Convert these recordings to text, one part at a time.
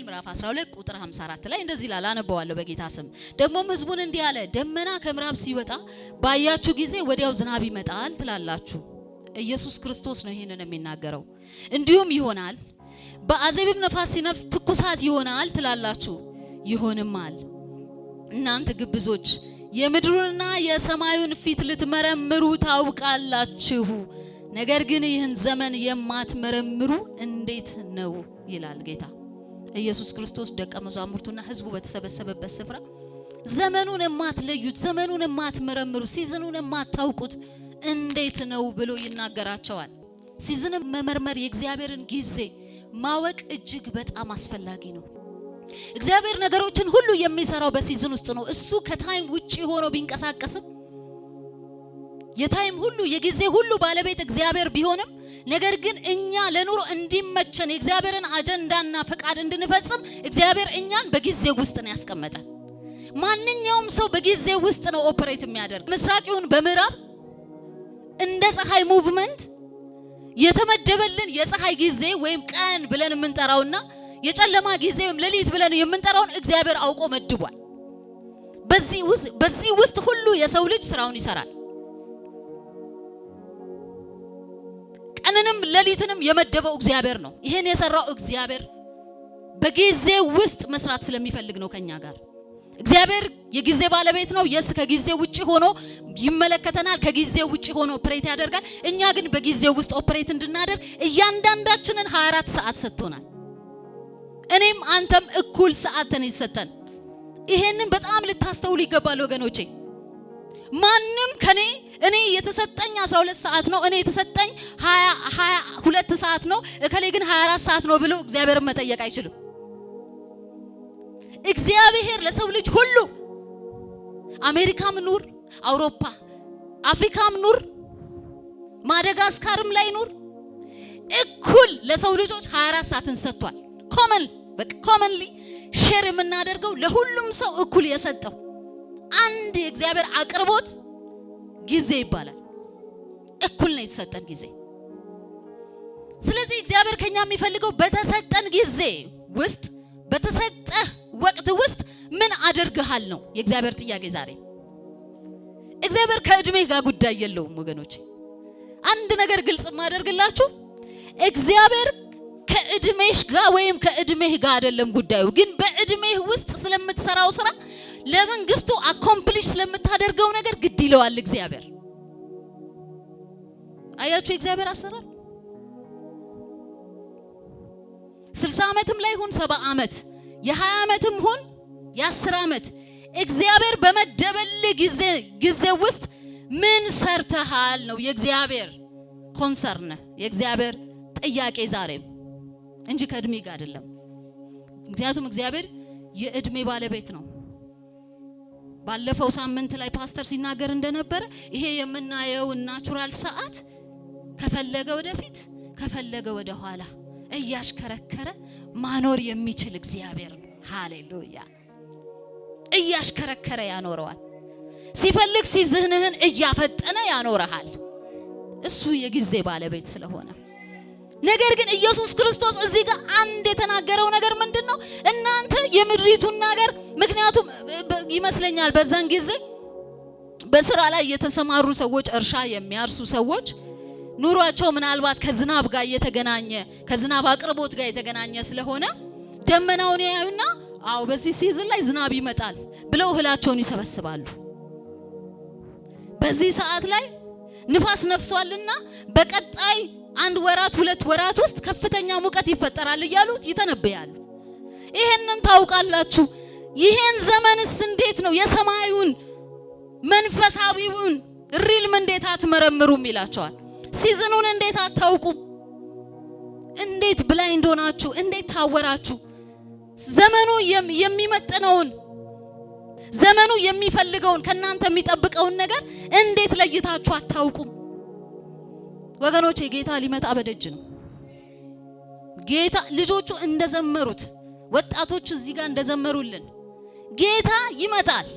ወንጌል ምዕራፍ 12 ቁጥር 54 ላይ እንደዚህ ይላል። አነበዋለሁ በጌታ ስም። ደግሞም ህዝቡን እንዲህ አለ፣ ደመና ከምዕራብ ሲወጣ ባያችሁ ጊዜ ወዲያው ዝናብ ይመጣል ትላላችሁ። ኢየሱስ ክርስቶስ ነው ይህንን የሚናገረው። እንዲሁም ይሆናል። በአዜብም ነፋስ ሲነፍስ ትኩሳት ይሆናል ትላላችሁ፣ ይሆንማል። እናንተ ግብዞች የምድሩንና የሰማዩን ፊት ልትመረምሩ ታውቃላችሁ ነገር ግን ይህን ዘመን የማትመረምሩ እንዴት ነው? ይላል ጌታ። ኢየሱስ ክርስቶስ ደቀ መዛሙርቱና ህዝቡ በተሰበሰበበት ስፍራ ዘመኑን የማትለዩት ዘመኑን የማትመረምሩት ሲዝኑን የማታውቁት እንዴት ነው ብሎ ይናገራቸዋል። ሲዝን መመርመር የእግዚአብሔርን ጊዜ ማወቅ እጅግ በጣም አስፈላጊ ነው። እግዚአብሔር ነገሮችን ሁሉ የሚሰራው በሲዝን ውስጥ ነው። እሱ ከታይም ውጪ ሆኖ ቢንቀሳቀስም የታይም ሁሉ የጊዜ ሁሉ ባለቤት እግዚአብሔር ቢሆንም ነገር ግን እኛ ለኑሮ እንዲመቸን የእግዚአብሔርን አጀንዳና ፈቃድ እንድንፈጽም እግዚአብሔር እኛን በጊዜ ውስጥ ነው ያስቀመጠ። ማንኛውም ሰው በጊዜ ውስጥ ነው ኦፕሬት የሚያደርግ። ምስራቅ ይሁን በምዕራብ እንደ ፀሐይ ሙቭመንት የተመደበልን የፀሐይ ጊዜ ወይም ቀን ብለን የምንጠራውና የጨለማ ጊዜ ወይም ሌሊት ብለን የምንጠራውን እግዚአብሔር አውቆ መድቧል። በዚህ ውስጥ ሁሉ የሰው ልጅ ስራውን ይሰራል። ቀንንም ሌሊትንም የመደበው እግዚአብሔር ነው። ይሄን የሰራው እግዚአብሔር በጊዜ ውስጥ መስራት ስለሚፈልግ ነው ከኛ ጋር። እግዚአብሔር የጊዜ ባለቤት ነው። የስ ከጊዜ ውጪ ሆኖ ይመለከተናል። ከጊዜ ውጪ ሆኖ ኦፕሬት ያደርጋል። እኛ ግን በጊዜ ውስጥ ኦፕሬት እንድናደርግ እያንዳንዳችንን 24 ሰዓት ሰጥቶናል። እኔም አንተም እኩል ሰዓት ተን ይሰጠን። ይሄንን በጣም ልታስተውሉ ይገባል ወገኖቼ። ማንም ከኔ እኔ የተሰጠኝ 12 ሰዓት ነው፣ እኔ የተሰጠኝ 22 ሰዓት ነው፣ እከሌ ግን 24 ሰዓት ነው ብሎ እግዚአብሔርን መጠየቅ አይችልም። እግዚአብሔር ለሰው ልጅ ሁሉ አሜሪካም ኑር፣ አውሮፓ አፍሪካም ኑር፣ ማደጋስካርም ላይ ኑር፣ እኩል ለሰው ልጆች 24 ሰዓትን ሰጥቷል። ኮመን በቃ ኮመንሊ ሼር የምናደርገው ለሁሉም ሰው እኩል የሰጠው አንድ የእግዚአብሔር አቅርቦት ጊዜ ይባላል። እኩል ነው የተሰጠን ጊዜ። ስለዚህ እግዚአብሔር ከኛ የሚፈልገው በተሰጠን ጊዜ ውስጥ በተሰጠህ ወቅት ውስጥ ምን አድርግሃል ነው የእግዚአብሔር ጥያቄ ዛሬ። እግዚአብሔር ከእድሜ ጋር ጉዳይ የለውም ወገኖች። አንድ ነገር ግልጽ ማደርግላችሁ እግዚአብሔር ከእድሜሽ ጋር ወይም ከእድሜህ ጋር አይደለም ጉዳዩ፣ ግን በእድሜህ ውስጥ ስለምትሰራው ስራ ለመንግስቱ አኮምፕሊሽ ስለምታደርገው ነገር ግድ ይለዋል እግዚአብሔር። አያችሁ የእግዚአብሔር አሰራር ስልሳ ዓመትም ላይ ሁን ሰባ ዓመት የሀያ ዓመትም ሁን የአስር ዓመት እግዚአብሔር በመደበል ጊዜ ውስጥ ምን ሰርተሃል ነው የእግዚአብሔር ኮንሰርን የእግዚአብሔር ጥያቄ ዛሬም እንጂ ከእድሜ ጋር አይደለም። ምክንያቱም እግዚአብሔር የእድሜ ባለቤት ነው። ባለፈው ሳምንት ላይ ፓስተር ሲናገር እንደነበረ ይሄ የምናየው ናቹራል ሰዓት ከፈለገ ወደፊት ከፈለገ ወደ ኋላ እያሽከረከረ ማኖር የሚችል እግዚአብሔር ነው። ሃሌሉያ! እያሽከረከረ ያኖረዋል። ሲፈልግ ሲዝህንህን እያፈጠነ ያኖረሃል። እሱ የጊዜ ባለቤት ስለሆነ ነገር ግን ኢየሱስ ክርስቶስ እዚህ ጋር አንድ የተናገረው ነገር ምንድን ነው? እናንተ የምድሪቱን ነገር ምክንያቱም ይመስለኛል በዛን ጊዜ በስራ ላይ የተሰማሩ ሰዎች፣ እርሻ የሚያርሱ ሰዎች ኑሯቸው ምናልባት ከዝናብ ጋር የተገናኘ ከዝናብ አቅርቦት ጋር የተገናኘ ስለሆነ ደመናውን ያዩና አዎ በዚህ ሲዝን ላይ ዝናብ ይመጣል ብለው እህላቸውን ይሰበስባሉ። በዚህ ሰዓት ላይ ንፋስ ነፍሷልና በቀጣይ አንድ ወራት ሁለት ወራት ውስጥ ከፍተኛ ሙቀት ይፈጠራል እያሉት ይተነበያሉ። ይሄንን ታውቃላችሁ። ይሄን ዘመንስ እንዴት ነው የሰማዩን መንፈሳዊውን ሪልም እንዴት አትመረምሩም ይላቸዋል። ሲዝኑን እንዴት አታውቁም? እንዴት ብላይንድ ሆናችሁ እንዴት ታወራችሁ? ዘመኑ የሚመጥነውን ዘመኑ የሚፈልገውን ከእናንተ የሚጠብቀውን ነገር እንዴት ለይታችሁ አታውቁም? ወገኖቼ ጌታ ሊመጣ በደጅ ነው። ጌታ ልጆቹ እንደዘመሩት ወጣቶቹ እዚህ ጋር እንደዘመሩልን ጌታ ይመጣል።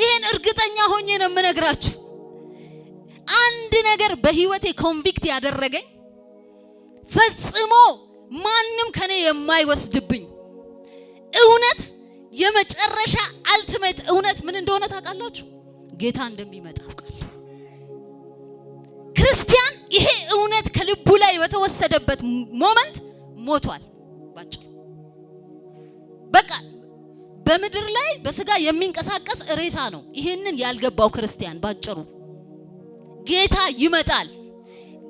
ይህን እርግጠኛ ሆኜ ነው የምነግራችሁ። አንድ ነገር በህይወቴ ኮንቪክት ያደረገኝ ፈጽሞ ማንም ከኔ የማይወስድብኝ እውነት የመጨረሻ አልቲሜት እውነት ምን እንደሆነ ታውቃላችሁ? ጌታ እንደሚመጣ አውቃለሁ። ክርስቲያን ይሄ እውነት ከልቡ ላይ በተወሰደበት ሞመንት ሞቷል። ባጭሩ በቃ በምድር ላይ በስጋ የሚንቀሳቀስ ሬሳ ነው። ይህንን ያልገባው ክርስቲያን ባጭሩ ጌታ ይመጣል።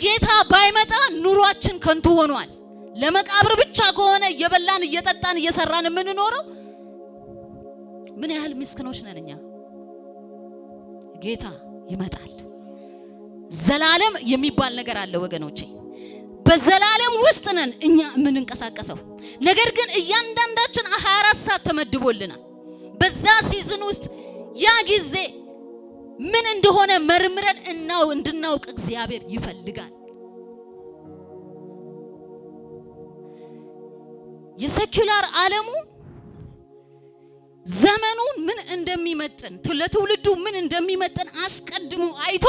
ጌታ ባይመጣ ኑሯችን ከንቱ ሆኗል። ለመቃብር ብቻ ከሆነ እየበላን እየጠጣን እየሰራን የምንኖረው ምን ያህል ምስክኖች ነን እኛ። ጌታ ይመጣል። ዘላለም የሚባል ነገር አለ ወገኖቼ። በዘላለም ውስጥ ነን እኛ የምንንቀሳቀሰው። ነገር ግን እያንዳንዳችን 24 ሰዓት ተመድቦልናል። በዛ ሲዝን ውስጥ ያ ጊዜ ምን እንደሆነ መርምረን እናው እንድናውቅ እግዚአብሔር ይፈልጋል። የሴኩላር ዓለሙ ዘመኑ ምን እንደሚመጥን ለትውልዱ ምን እንደሚመጥን አስቀድሞ አይቶ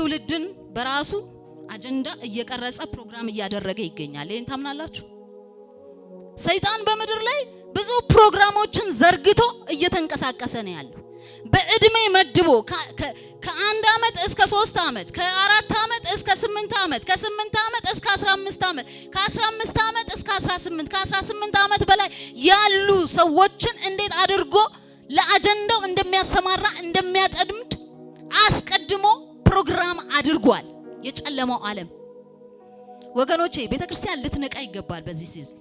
ትውልድን በራሱ አጀንዳ እየቀረጸ ፕሮግራም እያደረገ ይገኛል። ይህን ታምናላችሁ? ሰይጣን በምድር ላይ ብዙ ፕሮግራሞችን ዘርግቶ እየተንቀሳቀሰ ነው ያለው። በእድሜ መድቦ ከአንድ ዓመት እስከ ሶስት ዓመት ከአራት ዓመት እስከ ስምንት ዓመት ከስምንት ዓመት እስከ አስራ አምስት ዓመት ከአስራ አምስት ዓመት እስከ አስራ ስምንት ከአስራ ስምንት ዓመት በላይ ያሉ ሰዎችን እንዴት አድርጎ ለአጀንዳው እንደሚያሰማራ እንደሚያጠምድ አስቀድሞ ፕሮግራም አድርጓል የጨለማው ዓለም። ወገኖቼ ቤተ ክርስቲያን ልትነቃ ይገባል። በዚህ ሲዝን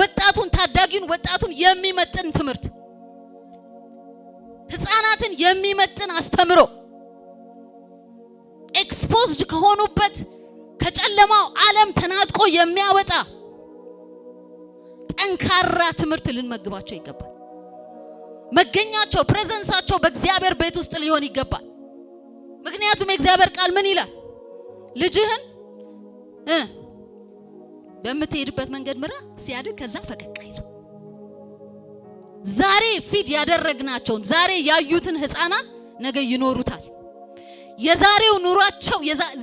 ወጣቱን ታዳጊውን ወጣቱን የሚመጥን ትምህርት፣ ህፃናትን የሚመጥን አስተምሮ ኤክስፖዝድ ከሆኑበት ከጨለማው ዓለም ተናጥቆ የሚያወጣ ጠንካራ ትምህርት ልንመግባቸው ይገባል። መገኛቸው ፕሬዘንሳቸው በእግዚአብሔር ቤት ውስጥ ሊሆን ይገባል። ምክንያቱም የእግዚአብሔር ቃል ምን ይላል? ልጅህን በምትሄድበት መንገድ ምራ፣ ሲያድግ ከዛ ፈቀቅ አይልም። ዛሬ ፊድ ያደረግናቸውን ዛሬ ያዩትን ህፃናት ነገ ይኖሩታል። የዛሬው ኑሯቸው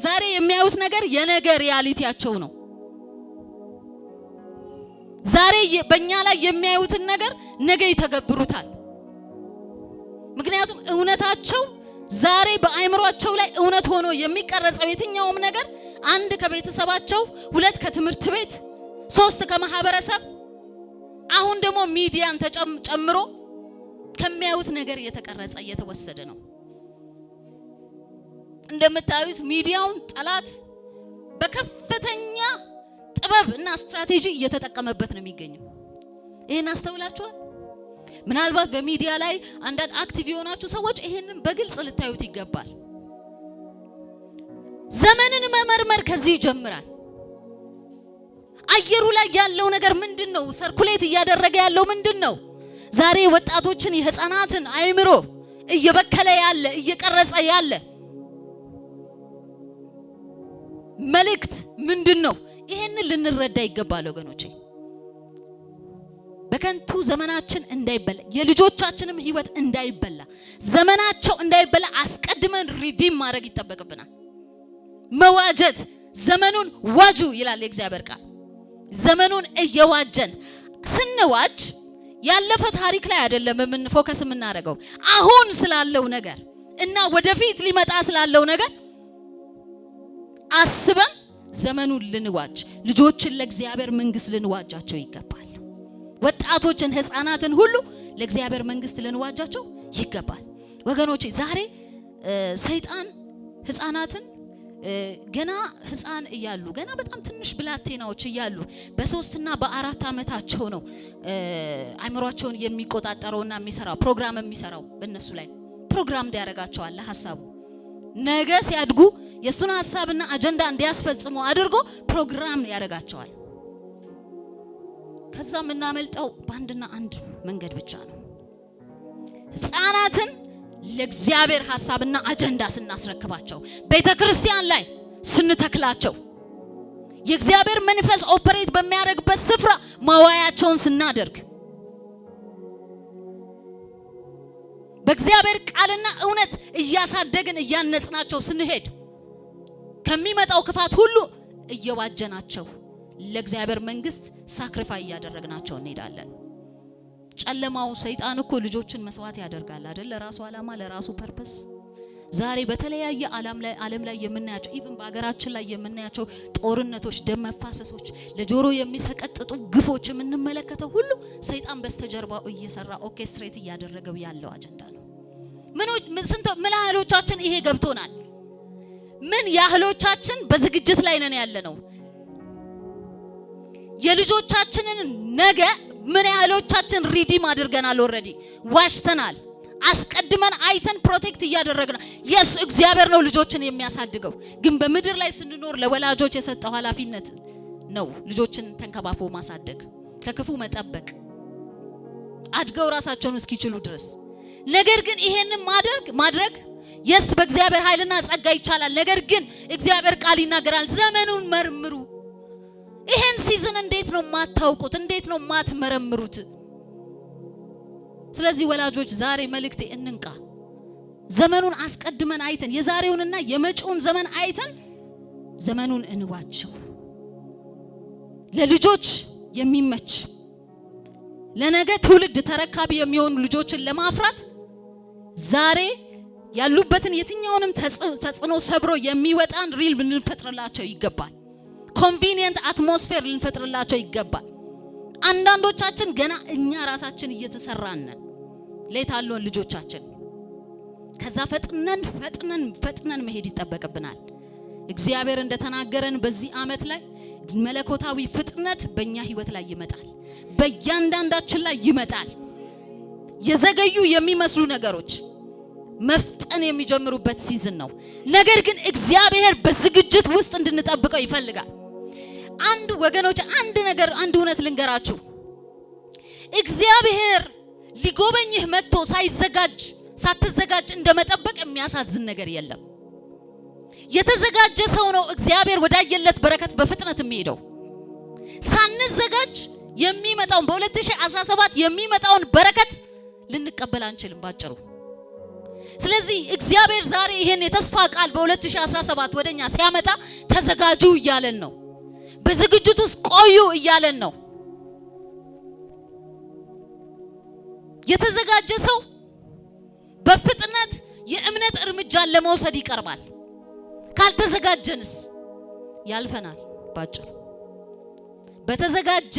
ዛሬ የሚያዩት ነገር የነገ ሪያሊቲያቸው ነው። ዛሬ በእኛ ላይ የሚያዩትን ነገር ነገ ይተገብሩታል። ምክንያቱም እውነታቸው ዛሬ በአእምሯቸው ላይ እውነት ሆኖ የሚቀረጸው የትኛውም ነገር አንድ ከቤተሰባቸው፣ ሁለት ከትምህርት ቤት፣ ሶስት ከማህበረሰብ፣ አሁን ደግሞ ሚዲያን ተጨምሮ ከሚያዩት ነገር እየተቀረጸ እየተወሰደ ነው። እንደምታዩት ሚዲያውን ጠላት በከፍተኛ ጥበብ እና ስትራቴጂ እየተጠቀመበት ነው የሚገኘው። ይህን አስተውላችኋል? ምናልባት በሚዲያ ላይ አንዳንድ አክቲቭ የሆናችሁ ሰዎች ይህንን በግልጽ ልታዩት ይገባል። ዘመንን መመርመር ከዚህ ይጀምራል። አየሩ ላይ ያለው ነገር ምንድን ነው? ሰርኩሌት እያደረገ ያለው ምንድን ነው? ዛሬ ወጣቶችን የህፃናትን አይምሮ እየበከለ ያለ እየቀረጸ ያለ መልእክት ምንድን ነው? ይህንን ልንረዳ ይገባል ወገኖቼ። በከንቱ ዘመናችን እንዳይበላ የልጆቻችንም ህይወት እንዳይበላ ዘመናቸው እንዳይበላ አስቀድመን ሪዲም ማድረግ ይጠበቅብናል። መዋጀት ዘመኑን ዋጁ ይላል የእግዚአብሔር ቃል። ዘመኑን እየዋጀን ስንዋጅ ያለፈ ታሪክ ላይ አይደለም ምን ፎከስ የምናደርገው አሁን ስላለው ነገር እና ወደፊት ሊመጣ ስላለው ነገር አስበን ዘመኑን ልንዋጅ ልጆችን ለእግዚአብሔር መንግስት ልንዋጃቸው ይገባል። ወጣቶችን፣ ህፃናትን ሁሉ ለእግዚአብሔር መንግስት ልንዋጃቸው ይገባል። ወገኖቼ ዛሬ ሰይጣን ህፃናትን ገና ህፃን እያሉ ገና በጣም ትንሽ ብላቴናዎች እያሉ በሶስትና በአራት ዓመታቸው ነው አይምሯቸውን የሚቆጣጠረውና የሚሰራው ፕሮግራም የሚሰራው በእነሱ ላይ ፕሮግራም እንዲያደርጋቸዋል ለሀሳቡ ነገ ሲያድጉ የእሱን ሀሳብና አጀንዳ እንዲያስፈጽሙ አድርጎ ፕሮግራም ያደርጋቸዋል። ከዛ የምናመልጠው በአንድና አንድ መንገድ ብቻ ነው። ህፃናትን ለእግዚአብሔር ሀሳብና አጀንዳ ስናስረክባቸው፣ ቤተ ክርስቲያን ላይ ስንተክላቸው፣ የእግዚአብሔር መንፈስ ኦፐሬት በሚያደርግበት ስፍራ ማዋያቸውን ስናደርግ፣ በእግዚአብሔር ቃልና እውነት እያሳደግን እያነጽናቸው ስንሄድ ከሚመጣው ክፋት ሁሉ እየዋጀናቸው ለእግዚአብሔር መንግስት ሳክሪፋይ እያደረግናቸው እንሄዳለን። ጨለማው ሰይጣን እኮ ልጆችን መስዋዕት ያደርጋል አይደል? ለራሱ ዓላማ ለራሱ ፐርፐስ። ዛሬ በተለያየ ዓለም ላይ የምናያቸው ኢቭን በሀገራችን ላይ የምናያቸው ጦርነቶች፣ ደም መፋሰሶች፣ ለጆሮ የሚሰቀጥጡ ግፎች የምንመለከተው ሁሉ ሰይጣን በስተጀርባው እየሰራ ኦርኬስትሬት እያደረገው ያለው አጀንዳ ነው። ምን ያህሎቻችን ይሄ ገብቶናል? ምን ያህሎቻችን በዝግጅት ላይ ነን ያለ ነው? የልጆቻችንን ነገ ምን ያህሎቻችን ሪዲም አድርገናል? ኦልሬዲ ዋሽተናል። አስቀድመን አይተን ፕሮቴክት እያደረግን የስ እግዚአብሔር ነው ልጆችን የሚያሳድገው። ግን በምድር ላይ ስንኖር ለወላጆች የሰጠው ኃላፊነት ነው ልጆችን ተንከባክቦ ማሳደግ፣ ከክፉ መጠበቅ፣ አድገው ራሳቸውን እስኪችሉ ድረስ። ነገር ግን ይሄንን ማድረግ ማድረግ የስ በእግዚአብሔር ኃይልና ጸጋ ይቻላል። ነገር ግን እግዚአብሔር ቃል ይናገራል፣ ዘመኑን መርምሩ ይሄን ሲዝን እንዴት ነው ማታውቁት እንዴት ነው የማትመረምሩት? ስለዚህ ወላጆች ዛሬ መልእክቴ እንንቃ። ዘመኑን አስቀድመን አይተን የዛሬውንና የመጪውን ዘመን አይተን ዘመኑን እንዋቸው። ለልጆች የሚመች ለነገ ትውልድ ተረካቢ የሚሆኑ ልጆችን ለማፍራት ዛሬ ያሉበትን የትኛውንም ተጽዕኖ ሰብሮ የሚወጣን ሪል ብንፈጥርላቸው ይገባል። ኮንቪኒየንት አትሞስፌር ልንፈጥርላቸው ይገባል። አንዳንዶቻችን ገና እኛ ራሳችን እየተሰራን ነን። ልጆቻችን ከዛ ፈጥነን ፈጥነን ፈጥነን መሄድ ይጠበቅብናል። እግዚአብሔር እንደተናገረን በዚህ ዓመት ላይ መለኮታዊ ፍጥነት በእኛ ህይወት ላይ ይመጣል፣ በእያንዳንዳችን ላይ ይመጣል። የዘገዩ የሚመስሉ ነገሮች መፍጠን የሚጀምሩበት ሲዝን ነው። ነገር ግን እግዚአብሔር በዝግጅት ውስጥ እንድንጠብቀው ይፈልጋል። አንድ ወገኖች፣ አንድ ነገር አንድ እውነት ልንገራችሁ። እግዚአብሔር ሊጎበኝህ መጥቶ ሳይዘጋጅ ሳትዘጋጅ እንደመጠበቅ የሚያሳዝን ነገር የለም። የተዘጋጀ ሰው ነው እግዚአብሔር ወዳየለት በረከት በፍጥነት የሚሄደው። ሳንዘጋጅ የሚመጣውን በ2017 የሚመጣውን በረከት ልንቀበል አንችልም ባጭሩ። ስለዚህ እግዚአብሔር ዛሬ ይህን የተስፋ ቃል በ2017 ወደኛ ሲያመጣ ተዘጋጁ እያለን ነው። በዝግጅት ውስጥ ቆዩ እያለን ነው። የተዘጋጀ ሰው በፍጥነት የእምነት እርምጃን ለመውሰድ ይቀርባል። ካልተዘጋጀንስ ያልፈናል። ባጭሩ በተዘጋጀ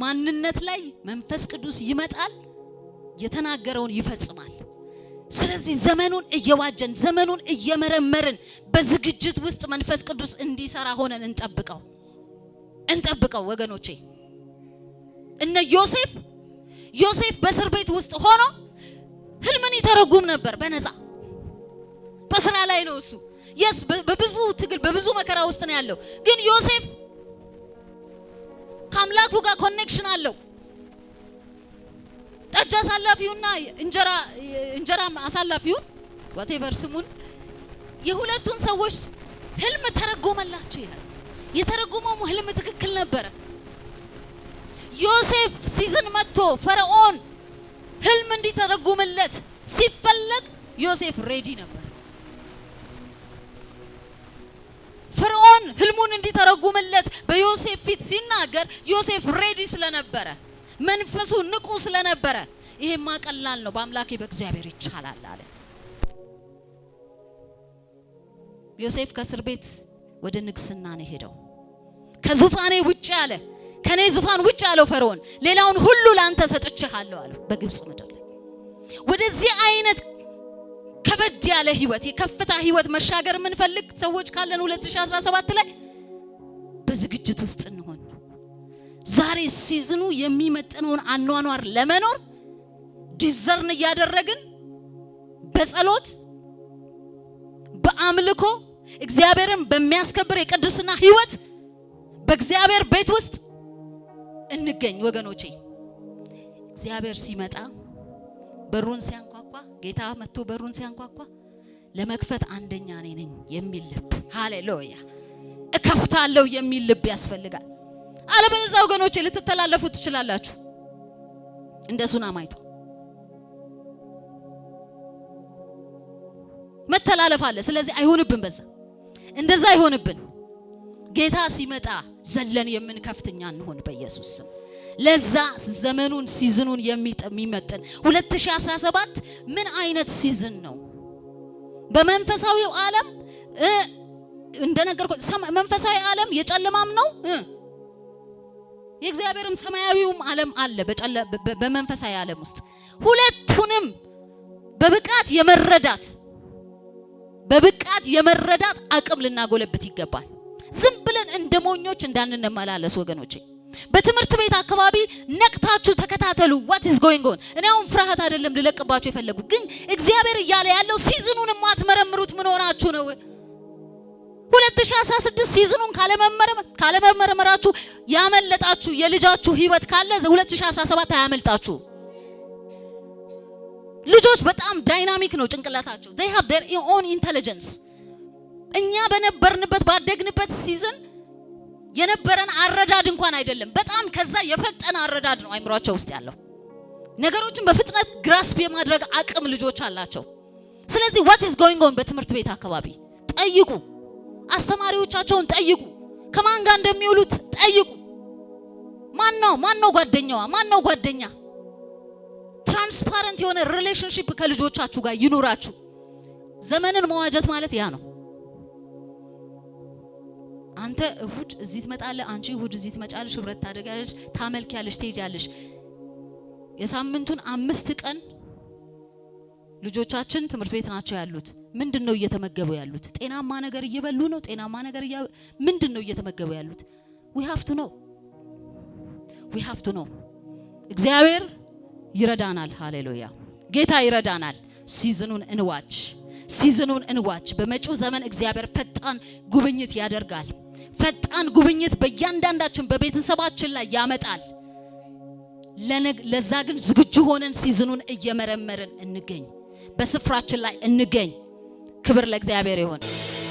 ማንነት ላይ መንፈስ ቅዱስ ይመጣል፣ የተናገረውን ይፈጽማል። ስለዚህ ዘመኑን እየዋጀን ዘመኑን እየመረመርን በዝግጅት ውስጥ መንፈስ ቅዱስ እንዲሰራ ሆነን እንጠብቀው። እንጠብቀው ወገኖቼ። እነ ዮሴፍ ዮሴፍ በእስር ቤት ውስጥ ሆኖ ህልምን ይተረጉም ነበር በነፃ በስራ ላይ ነው እሱ። የስ በብዙ ትግል በብዙ መከራ ውስጥ ነው ያለው። ግን ዮሴፍ ከአምላኩ ጋር ኮኔክሽን አለው። ጠጅ አሳላፊውና እንጀራ እንጀራ አሳላፊውን ዋቴቨር ስሙን የሁለቱን ሰዎች ህልም ተረጎመላቸው ይላል። የተረጉመው ህልም ትክክል ነበረ። ዮሴፍ ሲዝን መጥቶ ፈርዖን ህልም እንዲተረጉምለት ሲፈለግ ዮሴፍ ሬዲ ነበር። ፈርዖን ህልሙን እንዲተረጉምለት በዮሴፍ ፊት ሲናገር ዮሴፍ ሬዲ ስለነበረ መንፈሱ ንቁ ስለነበረ ይሄማ ቀላል ነው፣ በአምላኬ በእግዚአብሔር ይቻላል አለ። ዮሴፍ ከእስር ቤት ወደ ንግስና ነው ሄደው ከዙፋኔ ውጭ አለ፣ ከኔ ዙፋን ውጭ አለው ፈርዖን። ሌላውን ሁሉ ላንተ ሰጥቼሃለሁ አለው በግብጽ ምድር ላይ። ወደዚህ አይነት ከበድ ያለ ህይወት፣ የከፍታ ህይወት መሻገር የምንፈልግ ሰዎች ካለን 2017 ላይ በዝግጅት ውስጥ እንሆን። ዛሬ ሲዝኑ የሚመጥነውን አኗኗር ለመኖር ዲዘርን እያደረግን በጸሎት በአምልኮ እግዚአብሔርን በሚያስከብር የቅድስና ህይወት በእግዚአብሔር ቤት ውስጥ እንገኝ ወገኖቼ። እግዚአብሔር ሲመጣ በሩን ሲያንኳኳ፣ ጌታ መጥቶ በሩን ሲያንኳኳ ለመክፈት አንደኛ እኔ ነኝ የሚል ልብ፣ ሃሌሉያ እከፍታለሁ የሚል ልብ ያስፈልጋል። አለበለዚያ ወገኖቼ ልትተላለፉ ትችላላችሁ። እንደ ሱናማይቱ መተላለፍ አለ። ስለዚህ አይሆንብን፣ በዛ እንደዛ አይሆንብን። ጌታ ሲመጣ ዘለን የምንከፍትኛ እኛ እንሆን በኢየሱስ ስም። ለዛ ዘመኑን ሲዝኑን የሚመጥን 2017 ምን አይነት ሲዝን ነው? በመንፈሳዊው ዓለም እንደነገርኩ መንፈሳዊ ዓለም የጨለማም ነው። የእግዚአብሔርም ሰማያዊውም ዓለም አለ። በመንፈሳዊ ዓለም ውስጥ ሁለቱንም በብቃት የመረዳት በብቃት የመረዳት አቅም ልናጎለብት ይገባል። ዝም ብለን እንደ ሞኞች እንዳንመላለስ ወገኖቼ። በትምህርት ቤት አካባቢ ነቅታችሁ ተከታተሉ። ዋት ኢዝ ጎይንግ ኦን። እኔ አሁን ፍርሃት አይደለም ልለቅባችሁ የፈለጉ ግን እግዚአብሔር እያለ ያለው ሲዝኑን የማትመረምሩት ምን ሆናችሁ ነው? 2016 ሲዝኑን ካለመመረመራችሁ ያመለጣችሁ የልጃችሁ ህይወት ካለ 2017 አያመልጣችሁ። ልጆች በጣም ዳይናሚክ ነው ጭንቅላታቸው። they have their own intelligence እኛ በነበርንበት ባደግንበት ሲዝን የነበረን አረዳድ እንኳን አይደለም። በጣም ከዛ የፈጠነ አረዳድ ነው አይምሯቸው ውስጥ ያለው። ነገሮችን በፍጥነት ግራስፕ የማድረግ አቅም ልጆች አላቸው። ስለዚህ ዋት ኢዝ ጎይንግ ኦን በትምህርት ቤት አካባቢ ጠይቁ። አስተማሪዎቻቸውን ጠይቁ። ከማን ጋር እንደሚውሉት ጠይቁ። ማን ነው ማን ነው ጓደኛዋ ማን ነው ጓደኛ? ትራንስፓረንት የሆነ ሪሌሽንሽፕ ከልጆቻችሁ ጋር ይኑራችሁ። ዘመንን መዋጀት ማለት ያ ነው። አንተ እሁድ እዚህ ትመጣለህ፣ አንቺ እሁድ እዚህ ትመጫለሽ፣ ህብረት ታደርጋለሽ፣ ታመልኪያለሽ፣ ትሄጃለሽ። የሳምንቱን አምስት ቀን ልጆቻችን ትምህርት ቤት ናቸው ያሉት። ምንድን ነው እየተመገቡ ያሉት? ጤናማ ነገር እየበሉ ነው? ጤናማ ነገር እያ ምንድን ነው እየተመገቡ ያሉት? ዊ ሀፍቱ ነው ዊ ሀፍቱ ነው። እግዚአብሔር ይረዳናል። ሃሌሉያ! ጌታ ይረዳናል። ሲዝኑን እንዋች ሲዝኑን እንዋች። በመጪው ዘመን እግዚአብሔር ፈጣን ጉብኝት ያደርጋል። ፈጣን ጉብኝት በእያንዳንዳችን በቤተሰባችን ላይ ያመጣል። ለዛ ግን ዝግጁ ሆነን ሲዝኑን እየመረመርን እንገኝ። በስፍራችን ላይ እንገኝ። ክብር ለእግዚአብሔር ይሆን።